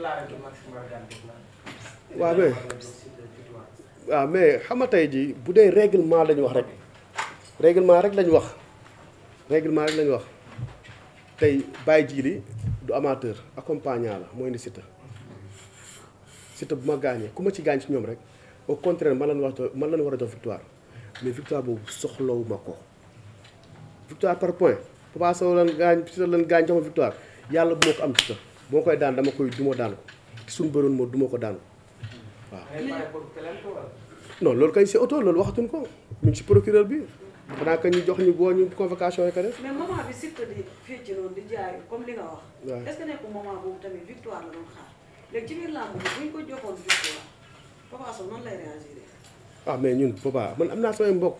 waaw mais waaw mais xam nga tey jii bu dee règlement lañu wax rek réglement rek lañu wax règlement rek lañu wax tey bàyyi jii li du amateur accompagnant la mooy ni Siteu Siteu bu ma gaañee ku ma ci gaañ ci ñoom rek au contraire man lañu wax man lañu war a jox victoire mais victoire boobu soxlawuma ko victoire par point Papa Sow lan gaañ Siteu lan gaañ jox victoire yàlla bu moo ko am Siteu boo koy daan dama koy duma daan ko suñu bëroon moo duma ko daan ko waaw. loolu kay si auto loolu waxatuñ ko ñu ci procureur bi xanaa que jox ñu boo ñu convocation rek a def. mais moment bi surtout di fii ci noonu di jaay bu ñu ko joxoon victoire Papa Sow noonu lay réagir. ah mais ñun Papa man am naa samay mbokk.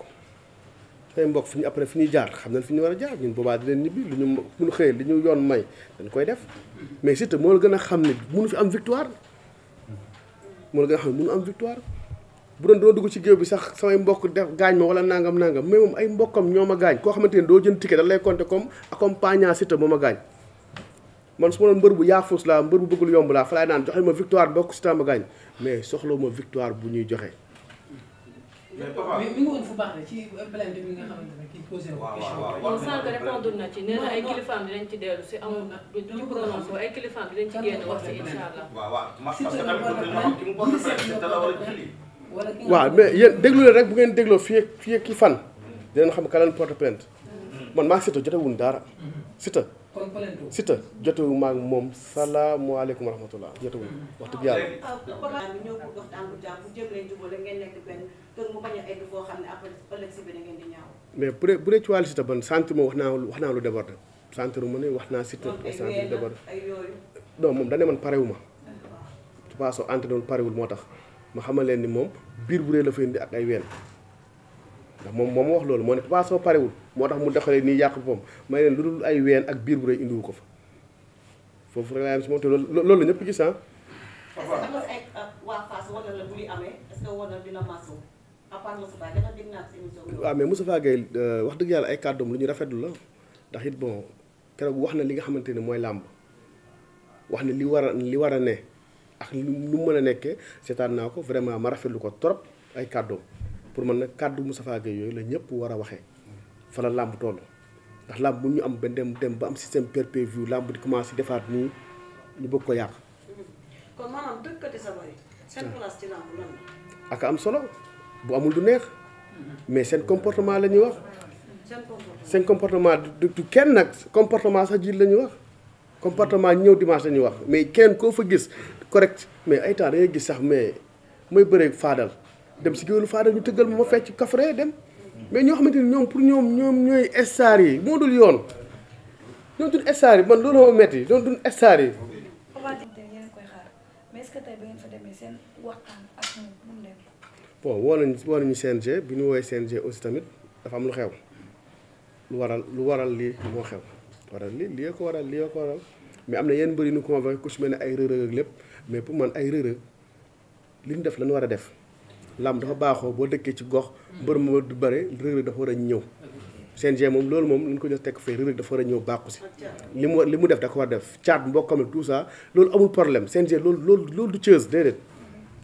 sooy mbokk fi ñu après fi ñuy jaar xam nañ fi ñu war a jaar ñun boobaa dinañ ñibbi lu ñu munu xëyee li ñu yoon may dañ koy def mais surtout moo la gën a xam ne munu fi am victoire moo la xam ne munu am bu doon doo dugg ci géew bi sax samay mbokk def gaañ ma wala nangam nangam mais moom ay mbokkam ñoo ma gaañ koo xamante ne doo jënd ticket da lay compter comme accompagnant surtout moo ma gaañ man su ma doon mbër bu yaafus laa mbër bu bëggul yomb laa fa laay naan joxe ma victoire mbokk si ma gaañ mais soxla ma victoire bu ñuy joxe mais papa mi mi ngi woon waaw waaw sànq répondre dellu si amul duñu prononcé ay kilifaam dinañ la déglu rek bu ngeen dégloo fii ak fii ak ki fan. Mm. xam kan lañ porté plainte. Mm. man maa ngi Siteu jotewuñ dara mm. Siteu sita Siteu jotewu ma ak moom salaamaaleykum wa rahmatulah jotewu wax dëgg yàlla. Ah, ñoo bëgg bu jàmm bu jéem si bi mais bu dee bu dee ban sant ma wax naa wax naa lu déborde sant ma ne wax naa Siteu. ay sant lu déborde non moom dañ ne man parewu ma. Ah, waaw su paasoo entraîneur parewul moo tax ma xamal leen ni moom biir bu rëy la fa indi ak ay ween. ndax moom ma wax loolu moo ne Papa Sow parewul moo tax mu doxalee nii yàq boppam may leen lu dul ay ween ak biir bu rëy indiwu ko fa foofu rek laa yem si moom te loolu la ñëpp gis ah. ah waaw ah, euh, wax dëgg yàlla ay kàddoom lu ñu rafetlu la ndax it bon keroog wax na li nga xamante ne mooy làmb wax ne li war a li war a ne ak lu mu mën a nekkee seetaan naa ko vraiment ma rafetlu ko trop ay kàddoom. pour man nag kàddu Moustapha Gueye yooyu la ñëpp war a waxee fa la làmb ndax làmb bu ñu am ba dem dem ba am système pay-per-view làmb di commencé defaat nii ñu bëgg ko yàq. kon am solo bu amul du neex mais seen comportement la ñuy wax. seen comportement du du kenn nag comportement sax jiit la ñuy wax comportement ñëw dimanche la ñuy wax mais kenn koo fa gis correct mais ay temps da gis sax mais mooy bëre faadal. dem si géwélu faada ñu tëggal ma ma fecc kafre dem mais ñoo xamante ni ñoom pour ñoom ñoom ñooy star yi moo dul yoon ñoom duñ star yi man loolu moo metti doon duñ star yi bon woo nañu woo nañu bi ñu woowee CNG aussi tamit dafa am lu xew lu waral lu waral lii moo xew waral li lii ko waral lii ko waral mais am na yenn bëri nu ko convaincu ku si mel ni ay rërëg ak lépp mais pour man ay rërëg li ñu def lañu war a def làmb dafa baaxoo boo dëkkee ci gox mbër moo du bëre rëg dafa war a ñëw CNG moom loolu moom lu ñu ko jox teg fay rëg dafa war a ñëw bàqu si li mu li mu def da ko war def caat mbokkam tout ça loolu amul problème CNG loolu loolu loolu du Thiès déedéet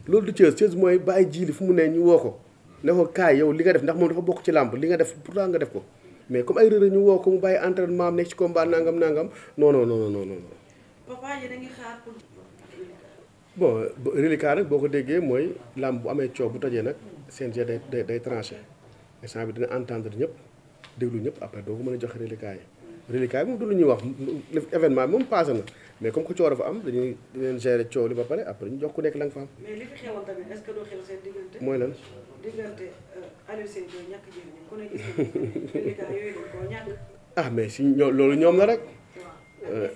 loolu du Thiès Thiès mooy bàyyi jiili fu mu nee ñu woo ko ne ko kaay yow li nga def ndax moom dafa bokk ci làmb li nga def pourtant nga def ko mais comme ay rëg ñu woo ko mu bàyyi entraînement am nekk ci combat nangam nangam non non bon reliquat nag boo ko déggee mooy làmb bu amee coow bu tojee nag CNG day day day tranché instant bi dina entendre ñëpp déglu ñëpp après doo ko mën a joxe reliquat yi. reliquat yi moom du lu ñuy wax événement bi moom passé na mais comme que coow dafa am dañuy leen gérer coow li ba pare après ñu jox ku nekk la nga fa am. mais li fi loolu ñoom la rek. loo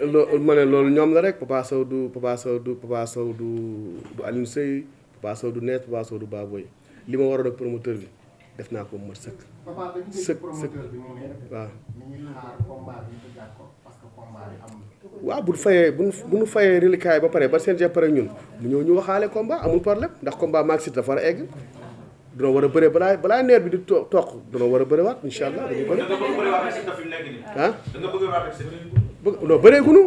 euh, euh, ma loolu ñoom la rek Papa du Papa Sow du Papa Sow du du Alioune du Net Papa du Baboy li ma war a ak promoteur bi def naa ko mot sëkk. sëkk sëkk waaw. waaw bu ñu fayee bu ñu fayee reliquats ba pare ba seen pare ñun mu ñëw ñu waxaale combat amul problème ndax combat maag si dafa war a egg. dina war a bëre balaa balaa neer bi di toq dina war a bëre waat incha allah dañuy bëre. ah. bëgg non bëreeguñu.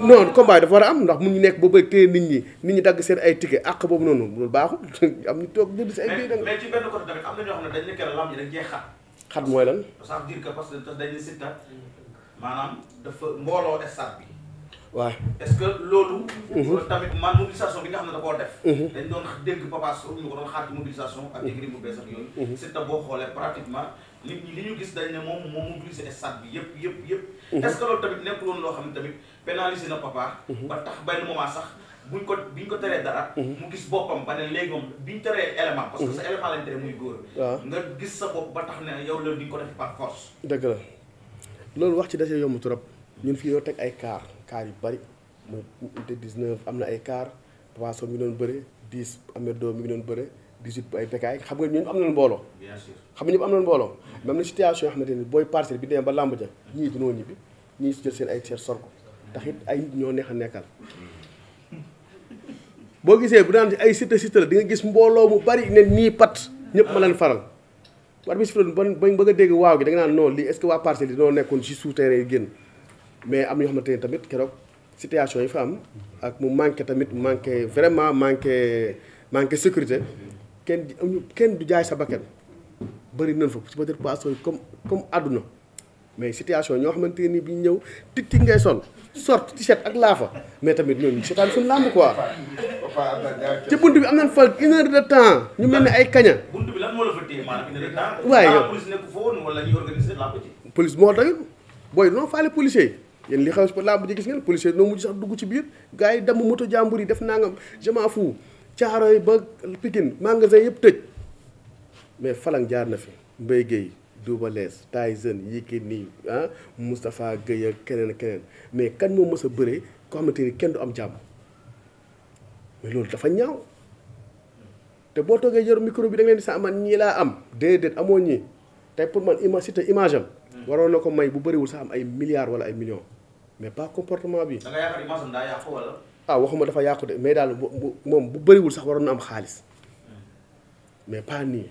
non dafa war a am ndax mu ñu nekk ba bëgg téye nit ñi nit ñi dagg seen ay ticket àq boobu noonu loolu baaxul am ñu toog jënd si ay biir. mais xat. xat mooy lan. ça veut dire que parce que dafa mbooloo stade waaw est-ce que mhm. loolu. tamit man mobilisation bi nga xam ne da koo def. Mhm. dañ doon dégg papa Sow ñu ko doon xaar ci mobilisation. ak dégg mu bees ak yooyu. Mhm. c'est boo xoolee pratiquement nit ñi li ñu gis dañ ne moom moo mobilisé stade bi yëpp yëpp yëpp. est-ce que loolu loo xam ne tamit pénalisé na papa. ba tax benn moment sax. buñ ko biñ ko teree dara. mu gis boppam ba ne léegi moom biñ teree élément. parce que sa élément lañ teree muy góor. nga gis sa bopp ba tax ne yow loolu di ko def par force. dëgg la loolu wax ci dafay yomb trop. ñun fii yoo teg ay kaar kaar yu bari mooy unité 19 am na ay kaar Papa Sow mi ngi doon bëre 10 Ameth Doo mi ngi doon bëre 18 bu ay bekkaay xam nga ñun am na mbooloo. bien xam nga ñëpp am nañu mbooloo. mais am na situation yoo xamante ni booy parcelle bi demee ba làmb ja ñii dunoo ñii jël seen ay seet sorko tax it ay ñoo neex a nekkal. boo gisee bu daan ay site site di nga gis mbooloo mu bari ne nii pat ñëpp ma leen faral. war bi si fi doon ba bëgg a dégg waaw gi da nga naan non lii waa parcelle yi dañoo nekkoon ci souterrain yi génn. mais am na yoo xamante tamit keroog situation yi fa am ak mu manqué tamit manqué vraiment manqué manqué sécurité kenn kenn du jaay sa bakkan bëri nañ fa su être poisson yi comme comme àdduna mais situation ñoo xamante ni bi ñëw tig ngay sol sort t-shirt ak laafa mais tamit ñooñu seetaan suñu làmb ci bunt bi am nañ fa une heure ñu mel ni ay kaña. moo la waaye police moo tax booy non faale policier yi. yéen li xew si làmb ji gis ngeen policier noo mujj sax dugg ci biir gars yi dem moto jàmbur yi def nangam je m'en fous Caaroy ba Pikine magasin yëpp tëj mais Falang jaar na fi Mbaye Guèye Double Less Tyson Yékini ah Moustapha Guèye ak keneen ak keneen mais kan moo mës a bëree ko xamante ni kenn du am jàmm mais loolu dafa ñaaw te boo toogee yor micro bi da nga leen di sa man ñii laa am déedéet amoon ñii te pour man ima cité image am hmm. waroon na ko may bu bëriwul sax am ay milliards wala ay millions mais pas comportement bi. da nga yaakaar ni daa yàqu wala. ah waxuma dafa yàqu de mais daal bu moom bu bëriwul sax waroon na am xaalis hmm. mais pas nii.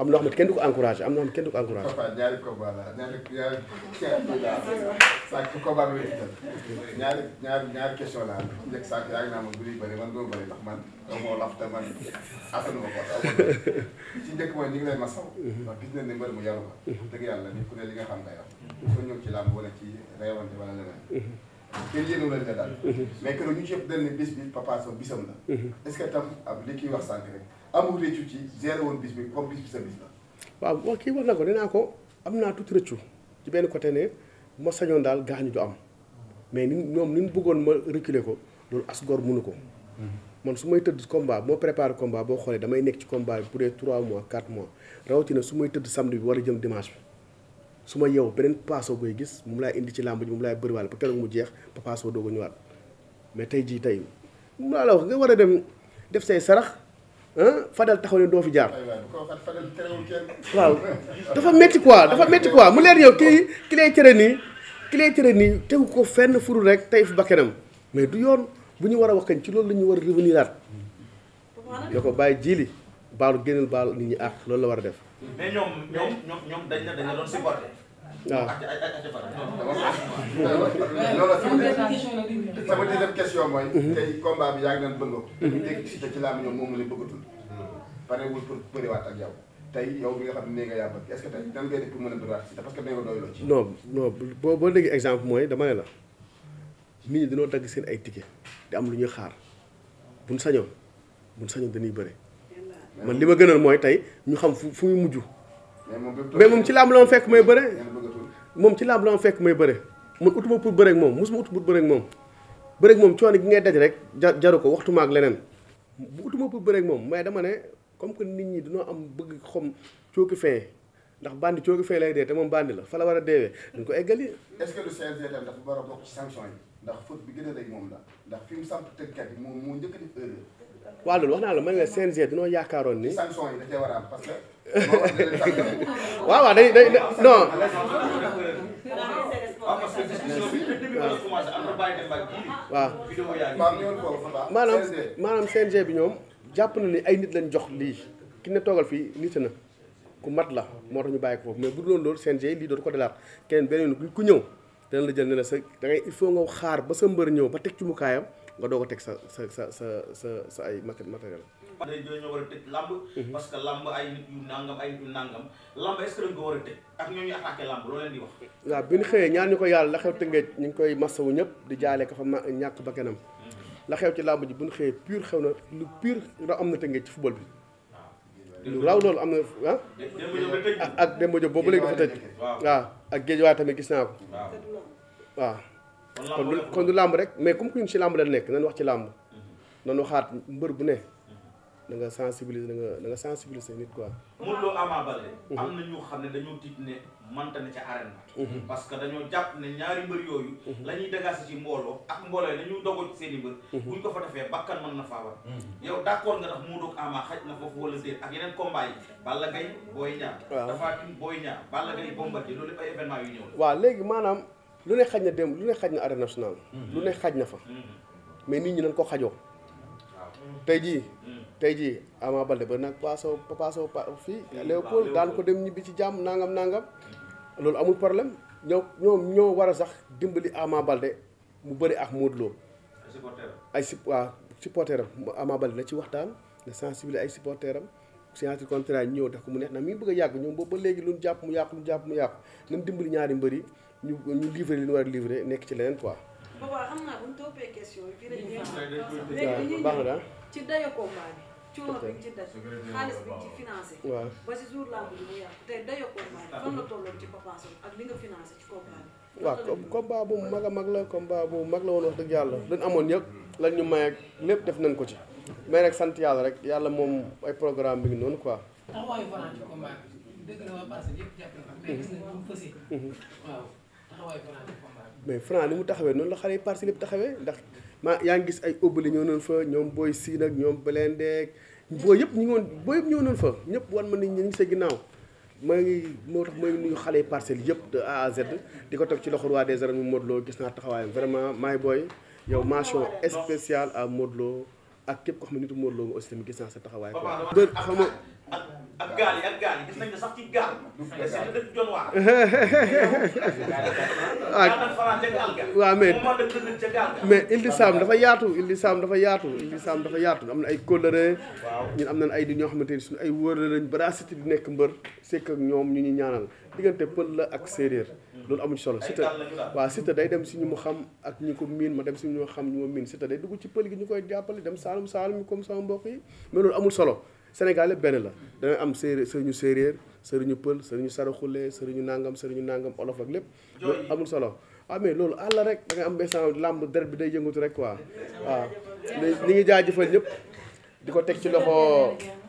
am na loo xam kenn du ko encouragé am na loo xam ne kenn du ko encouragé. Papa ñaari combat la ñaari ñaari ñaari ñaari ñaari question la njëkk sànq yaa ngi naan man bu ñuy bëri man doo bëri ndax man moo lafta man attanu ma ko ci njëkk mooy ñu ngi lay masaw mhm. ndax gis nañ ne mbër mu yaru la mhm. dëgg yàlla ni ku ne li nga xam nga yor. ko ñëw ci làmb wala ci réewante wala leneen mhm. kenn yéenu leen ne daal. mais que ñu yëpp dañ bis bi papa sa bisam la. Mhm. est ce que tam ab li kii wax sànq rek amul rëccu ci gérer bis bi comme bis bi sa bis la. waaw wax kii wax na ko dinaa ko am naa tuuti rëccu ci benn côté ne ma sañoon daal gaañu du am mais ni ñoom ni mu bëggoon ma reculer ko loolu as gor mënu ko. Mhm. man su may tëdd combat moo prépare combat boo xoolee damay nekk ci combat bi bu dee 3 mois 4 mois rawatina su may tëdd samedi bi war a jëm dimanche su ma yeewu beneen Papa booy gis moom laay indi ci làmb ji moom laay bëriwaale ba keroog jeex Papa Sow doog a ñëwaat mais tey jii tey mu laa la wax nga war a dem def say sarax Fadel taxaw ne doo fi jaar. waaw dafa métti quoi dafa métti mu leer yow kii ki lay cere nii ki lay cere nii tegu ko fenn furu rek tey ba kenam mais du yoon bu ñu war a wax kañ ci loolu la war a revenir aat. na ko bàyyi jiili baalu génneel baalu nit ñi àq loolu la war a def. mais ñoom ñoom ñoom la doon supporté. ak ak ak ak sama deuxième question mooy. Mhm. tey combat bi yàgg nañ bëgg ko. Mhm. dégg ci ci laa ñoom moom la bëggatul. Mhm. parewul pour bëriwaat ak yow. tey yow bi nga xam ne nga yàgg est a bëriwaat parce que nee nga doyuloo boo boo déggee exemple mooy dama ne la nit ñi dañoo dagg seen ay ticket di am lu ñuy xaar buñ sañoon buñ sañoon dañuy bëri. man li ma gënal mooy tey ñu xam fu fu muy mujj. mais moom ci làmb la ma fekk may bëre. moom ci làmb la fekk may bëre. man utuma pour bëre ak moom mosuma ut pour bëre ak moom bëre ak moom coono gi ngay daj rek jaru ko waxtu ak leneen bu utuma pour bëre moom mais dama ne comme que nit ñi dañoo am bëgg xom cooki fin ndax bandi cooki fin lay dee te moom bandi la fa la war a deewee dañ ko eggali. est-ce que le CNG tam dafa war a moom la ndax fi mu moo njëkk waaw loolu wax naa la man la CNG dañoo yaakaaroon ni. sanction yi da cee war a waaw waaw ah, maanaam maanaam CNG bi ñoom jàpp na ni ay nit lañ jox lii ki ne toogal fii nit na ku mat la moo tax ñu bàyyi ko foofu mais bu dul woon loolu CNG lii dootu ko dalaat keneen beneen ku ñëw dana la jël ne la sa da ngay il faut nga xaar ba sa mbër ñëw ba teg ci mukaayam nga doog a teg sa sa sa sa sa sa ay maté matériel. léegi yooyu ñoo a mhm. a bi ñu xëyee ñaan ñu ko yàlla la xew tëngeej ñu ngi koy masawu ñëpp di jaale ko fa ma ñàkk ba kanam mhm. la xew ci làmb ji bu ñu xëyee pur xew na lu pur am na tëngeej ci football bi. Ah, lu raw loolu am na ah? ak Demba Diop boobu léegi dafa tëj. waaw ak géej waay tamit gis naa ko. waaw. kon du kon du làmb rek mais comme que ñun ci làmb la nekk nañ wax ci làmb mm-hmm. nañu waxaat mbër bu ne da mm-hmm. nga sensibiliser da nga da nga sensibiliser nit quoi. Modou Lo Ama Baldé. Mm-hmm. am na ñoo xam ne dañoo tiit ne mënta na ca arène parce que dañoo jàpp ne ñaari mbër yooyu. la ñuy dagaase ci mbooloo ak mbooloo yi dogoo ci seen i mbër. buñ ko fa defee bakkan mën na faa war. yow d' accord nga tax Modou ak Ama xaj na foofu wala déet ak yeneen combat yi. Balla Gaye Boy Niang. waaw léegi maanaam. lu ne xaj na démb lu ne xaj na arène nationale lu ne xaj na fa mais nit ñi nañ ko xajoo tey jii tey jii Ama Baldé ba nag paaso paaso fii Léopold daan ko dem ñibbi ci jàmm nangam nangam loolu amul problème ñoo ñoom ñoo war a sax dimbali Ama balde mu bëri ak Modou Lo ay si waa supporteram Ama Baldé na ci waxtaan na sensibiliser ay supporteram signature contrat ñëw def ko mu neex na mi ngi bëgg a yàgg ñoom boobu ba léegi lu jàpp mu yàqu lu ñu jàpp mu yàqu nañ dimbali ñaari mbër yi ñu ñu livré li ñu war a livré nekk ci leneen quoi. boobaa xam naa bu ci dayo combat bi. coono bi ci daj xaalis bi ci financé. mu bu mag a mag la combat bu mag la woon wax dëgg yàlla. dañ amoon yëpp lan ñu may ak lépp def nañ ko ci. mais rek sant yàlla rek yàlla moom ay programme bi ngi noonu quoi. mais Franc li mu taxawee noonu la xale yi parti lépp taxawee ndax maa yaa ngi gis ay ëbbali ñëw noonu fa ñoom booy siin ak ñoom Belendeek booy yëpp ñu woon booy yëpp ñëw noonu fa ñëpp wan ma ni ñu sa ginnaaw ma ngi moo tax maa ngi nuyu xale yi parcelles yëpp de A à di ko teg ci loxo roi de arènes mu Modou gis naa taxawaayam vraiment maay booy yow mention spéciale à Modou ak képp ko xam ne nitu Modou aussi tamit gis naa sa taxawaay quoi. ak gaal yi ak gaal mais mais Ile di Saam dafa yaatu Ile di Saam dafa yaatu Ile di Saam dafa yaatu am na ay ñu ñun am nañ ay di ñoo xamante ni suñu ay wóor la lañ bracité di nekk mbër sekk ak ñoom ñu ñu ñaanal diggante pël la ak séeréer. loolu amu ci solo Siteu waa Siteu day dem si ñu mu xam ak ñu ko miin ma dem si ñu ma xam ñu ma miin Siteu day dugg ci pël gi ñu koy jàppale dem saalum saalum comme sama mbokk yi mais loolu amul solo Sénégal yëpp benn la dangay am séeréer sëriñu séeréer sëriñu pël sëriñu saraxule sëriñu nangam sëriñu nàngam olof ak lépp loolu amul solo waaw ah, mais loolu àll rek da am besant làmb deret bi day yëngatu rek waa ah. waaw ni ngi jëfal ñëpp di ko teg ci loxo